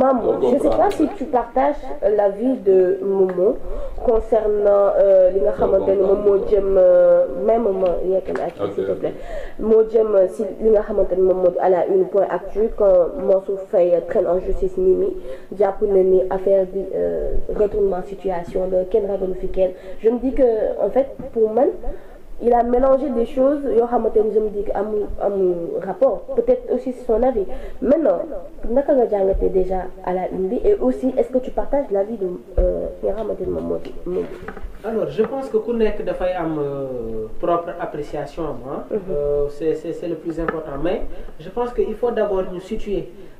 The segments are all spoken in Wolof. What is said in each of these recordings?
Maman, je ne sais pas si tu partages euh, l'avis de Momo concernant les Momo j'aime même Momo, s'il te plaît. Momo j'aime euh, si les Momo elle a une point actuel, quand Mansour fait traîne en justice Mimi, Diapouneni, affaire de euh, retournement de situation, de Ken Radon Je me dis que, en fait, pour moi, il a mélangé des choses je me dis rapport peut-être aussi son avis maintenant nga déjà à la et aussi est-ce que tu partages l'avis de ki euh, nga alors je pense que connaître nekk à euh, propre appréciation à hein. moi. Mhm. Euh, c'est le plus important mais je pense qu'il faut d'abord nous situer.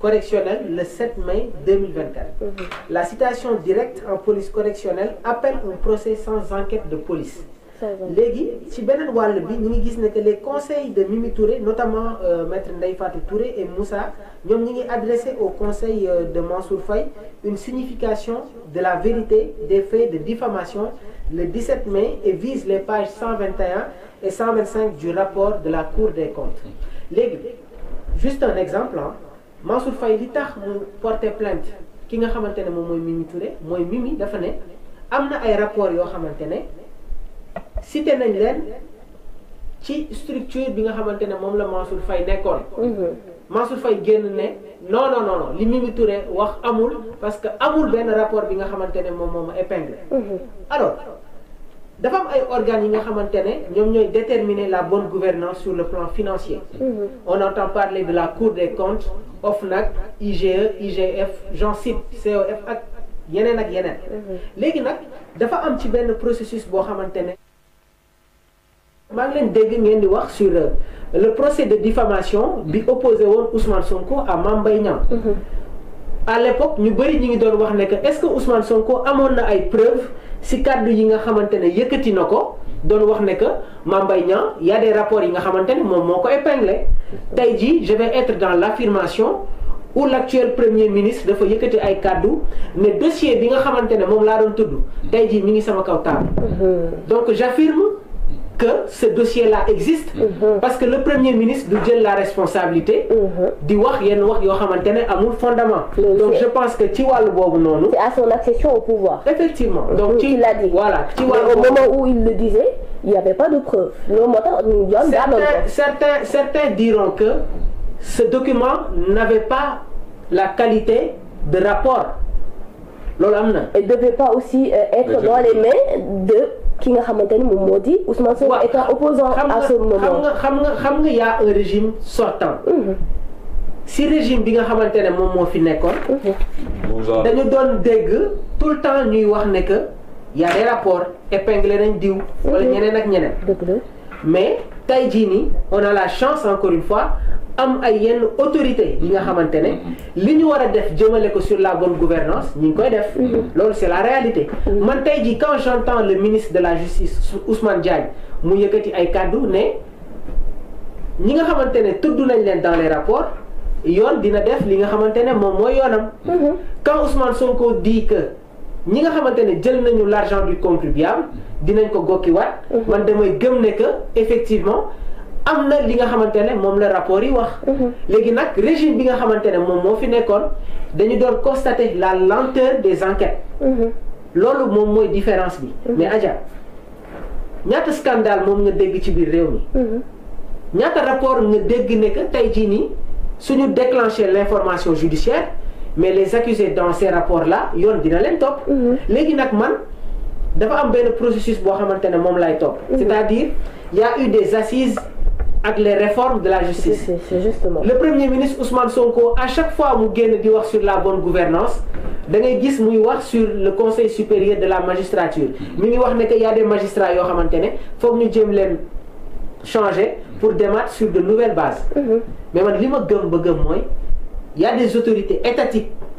correctionnel le 7 mai 2024. Mhm. La citation directe en police correctionnelle appelle un procès sans enquête de police. Légui, ci Benen Walbi, que les conseils de Mimi Touré notamment euh, maître Ndeye Touré et Moussa nous avons adressé au conseil euh, de Mansour Faye une signification de la vérité des faits de diffamation le 17 mai et vise les pages 121 et 125 du rapport de la Cour des comptes Légui, juste un exemple hein, masul fay li tax mu porté plainte ki nga xamante ne moom mooy Mimi Touré mooy Mimi dafa ne am na ay rapport yoo xamante ne cité nañ leen ci structure bi nga xamante ne moom la Mansour Faye nekkoon. Mhm. Mansour fay génn ne non non non li Mimi Touré wax amul parce que amul benn rapport bi nga xamante ne moom moom ma épinglé mhm. dafa am ay organes yi nga xamante ne ñoom déterminer la bonne gouvernance sur le plan financier mhm. on entend parler de la cour des comptes OFNAC IGE IGF j'en cite COF ak yeneen ak yeneen mhm. léegi nag dafa am ci benn processus boo xamante ne maa ngi leen dégg ngeen di wax sur euh, le procès de diffamation bi mhm. opposé woon Ousmane Sonko à Mame Niang à l'époque ñu bari ñi ngi doon wax ne que est-ce que Ousmane Sonko amoon na ay preuves si kàddu yi nga xamante ne yëkkati na ko doon wax ne que Mame Niang y a des rapports yi nga xamante ne moom moo épinglé tey jii je vais être dans l'affirmation où l'actuel premier ministre dafa yëkkati ay kàddu mais dossier bi nga xamante ne moom laa doon tudd tey jii mi ngi sama kaw table mm-hmm. donc j'affirme que ce dossier-là existe. Mhm. parce que le premier ministre nous la responsabilité. Mhm. du wax yenn wax yoo fondement. donc je pense que tu le le non. c'est à son accession au pouvoir. effectivement donc tu voilà dit voilà au moment où il le disait il n'y avait pas de preuve. certains certains diront que ce document n'avait pas la qualité de rapport Il ne et devait pas aussi euh, être dans les mains de ki nga xamante mom moom di Ousmane Sonko est un opposant à ce moment xam nga xam nga xam nga y a un régime sortant mhm. si régime bi nga xamante mom mo moo fi nekkoon mhm. dañu don dégg tout le temps ñuy wax ne que y a des rapports épinglé nañ diw wala mhm. ñeneen ak ñeneen mais tey jii on a la chance encore une fois am ayen autorité yi nga xamante ne mm-hmm. li ñu def jëmale ko sur la bonne gouvernance ñi ngi koy def mm-hmm. loolu c'est la réalité mm-hmm. man tey quand j'entends le ministre de la justice Ousmane Diagne mu yëkkati ay kàddu ne ñi nga tout ne tudd dans les rapports yon dina def li nga xamante ne moom quand Ousmane Sonko dit que ñi nga xamante ne jël nañu l'argent du contribuable dinañ ko gokki waat man damay gëm ne que effectivement amna li nga xamantene mom la rapport yi wax. Mhm. léegi nak régime bi nga xamantene mom mo fi nekkoon dañu doon constater la lenteur des enquêtes. Mhm. loolu mom moy différence bi. Mhm. mais aja ñaata scandale mom nga dégg ci biir réew mi. ñaata rapport nga dégg ne que tay jii ni suñu déclencher l'information judiciaire mais les accusés dans ces rapports là yoon dina len top léegi nak man dafa am ben processus bo xamantene mom lay top cest à dire il y' a eu des assises avec les réformes de la justice. le premier ministre Ousmane Sonko à chaque fois mu génn di sur la bonne gouvernance da ngay gis sur le conseil supérieur de la magistrature mi ngi wax qu'il y a des magistrats qui xamante il faut que jëm changer pour démarrer sur de nouvelles bases. Mm-hmm. mais man li ma gëm ba y a des autorités étatiques.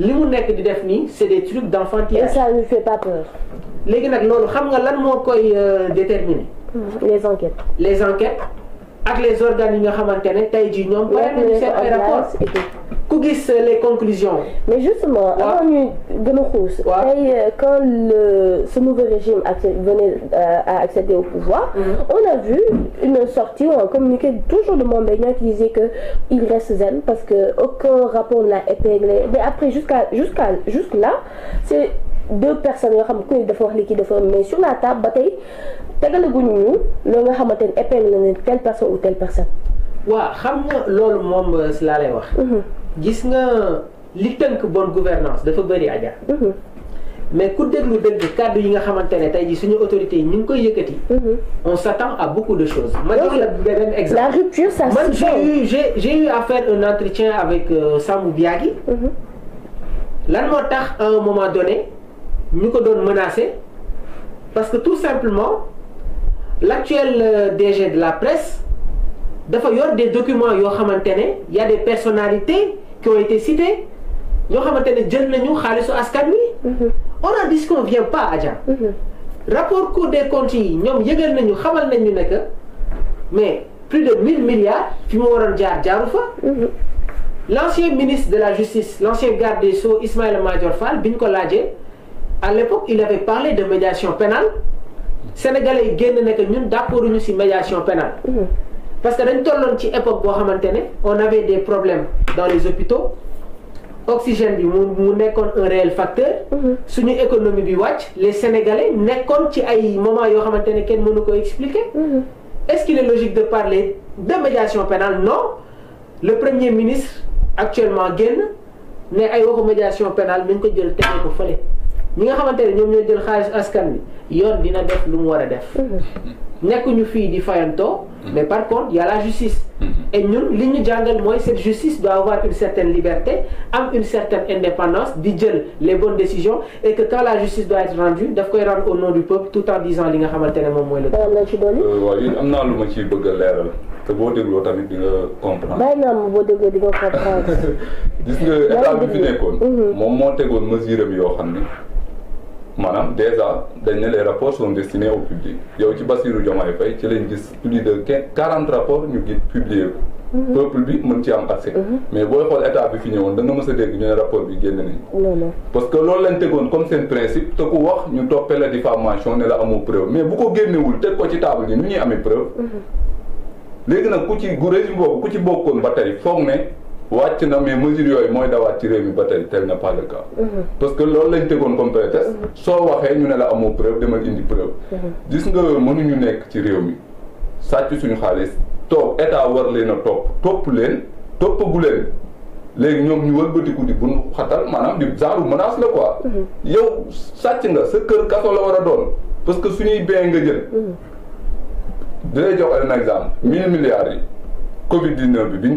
Les mu nekk di def c'est des trucs d'enfantillage. et ça ne fait pas peur. léegi nag nous xam nga lan moo koy euh, déterminer. Hmm. les enquêtes. les enquêtes avec les organes yi nga xamante ne tey jii ñoom. pare nañu seen ay rapport euh, les conclusions. mais justement avant de nous euh, quand le ce nouveau régime venait euh, à accéder au pouvoir. Mm-hmm. on a vu une sortie ou un communiqué toujours de Mame qui disait que il reste zen parce que aucun rapport ne l'a épinglé mais après jusqu'à jusqu'à jusque là c'est deux personnes qui ont fait ku mais sur la table on a telle personne ou telle personne waaw xam que loolu moom laa lay wax. Mhm. gis nga li tënk bonne gouvernance dafa bëri mhm. mais quand on dëgg kàddu yi nga xamante ne tey suñu autorités koy mhm. on s'attend à beaucoup de choses. la rupture ça se fait. j'ai eu à faire un entretien avec euh, Samou Biagi. lan à un moment donné nous ko doon menacé parce que tout simplement l'actuel euh, DG de la presse y yor des documents yo xamantene il y a des personnalités qui ont été citées yo xamantene ne jël nañu xaalisu askan wi. Mhm. on ne vient pas Adja. Mhm. rapport court des comptes ñom ñoom yëgal nañu xamal nañu ne que mais plus de 1000 milliards fi mo waroon jaar jaarufa mhm. L'ancien ministre de la justice l'ancien garde des Sceaux Ismaël Madior Fall biñ ko à l'époque, il avait parlé de médiation pénale sénégalais yi génn ne ñun d'accordu ñu ci médiation pénale parce que dans tolloon époque on avait des problèmes dans les hôpitaux oxygène est un réel facteur. Mhm. suñu économie bi les sénégalais nekkoon pas ay moment yoo xamante ne expliquer. Mhm. est-ce qu'il est logique de parler de médiation pénale non le premier ministre actuellement Guen ne ay médiation pénale mi ngi ko jël tege ko fële ñi nga ne ñoom pas jël xaalis askan bi yoon dina def lu nekkuñu fii di fayantoo mhm. mais par contre il y a la justice mhm. et ñun li ñu jàngal mooy cette justice doit avoir une certaine liberté am une certaine indépendance di jël les bonnes décisions et que quand la justice doit être rendue daf koy rendre au nom du peuple tout en disant li nga xamante ne moom mooy la euh, euh, waaw yéen am naa lu ma ciy bëgg a leeral te boo dégloo tamit di nga comprendre bàyyi naa ma boo dégloo di nga comprendre gis nga état bi fi nekkoon mhm. moom moo tegoon mesure am yoo xam ni manam déjà dañ ne les rapports sont destinés au public yow ci Bassirou jomay fay ci lañ gis plus de 40 rapports ñu gis publié ko mhm. peuple bi mën ci am accès mhm. mais boy xol état bi fi ñëwoon da nga mës dégg ñu rapport bi génn nañ parce que loolu lañ tegoon comme seen principe te ku wax ñu toppee la diffamation ne la amoo preuve mais bu ko génnewul teg ko ci table ji nu ñuy amee preuve mhm. léegi nag ku ci régime boobu ku ci bokkoon ba tey foog ne wàcc na mais mesures yooyu mooy dawaat ci réew mi ba tey tel n'est pas le mhm. parce que loolu lañ tegoon comme prétexte. Mhm. soo waxee ñu ne la amoo preuve demal indi preuve. Mhm. gis nga mënuñu nekk ci réew mi sàcc suñu xaalis too état war leen a topp topp leen toppagu leen léegi ñoom ñu wëlbatiku di bun xatal maanaam di genre menace la quoi. yow sàcc nga sa kër kaso la war a doon parce que suñuy bien nga jël. dinay jox un exemple mille milliards yi Covid 19 bi biñ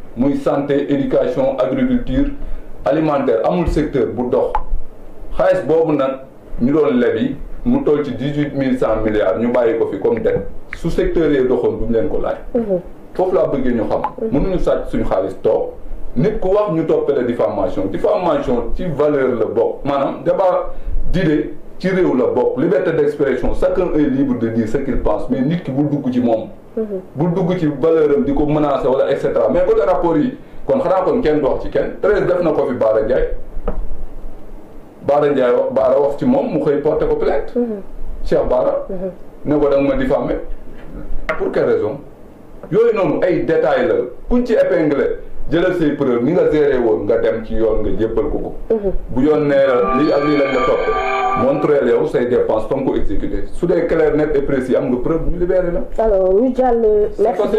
muy santé éducation agriculture alimentaire amul secteur bu dox xaalis bobu nak ñu doon lebi mu toll ci 18100 milliards ñu bayiko fi comme dette sous secteur yee doxoon duñ leen ko laaj. Mhm. fofu la bëgge ñu xam. Mhm. mënu ñu sacc suñu xaalis toog nit ko wax ñu toppale diffamation diffamation ci valeur la bokk manam débat d'idée ci réew la bokk liberté d'expression chacun est libre de dire ce qu'il pense mais nit ki bu dugg ci mom bul dugg ci valeur am di ko menacer wala et cetera mais côté rapport yi kon xanaa kon kenn dox ci kenn treize def na ko fi Baara Ndiaye Baara wax Baara wax ci moom mu xëy porter ko plainte mhm. Cheikh Baara mhm. ne ko da nga ma diffamé pour quelle raison yooyu noonu ay détails la kuñ ci épinglé jëlal say preuve ni nga géré woon nga dem ci yoon nga jébbal ko ko mhm. bu yoon nee la ak lii lañ la topp montrez yow say dépenses fa nga ko exécuté su dee clair net et précis am nga preuve ñu libéré la. alors ñu jàll. merci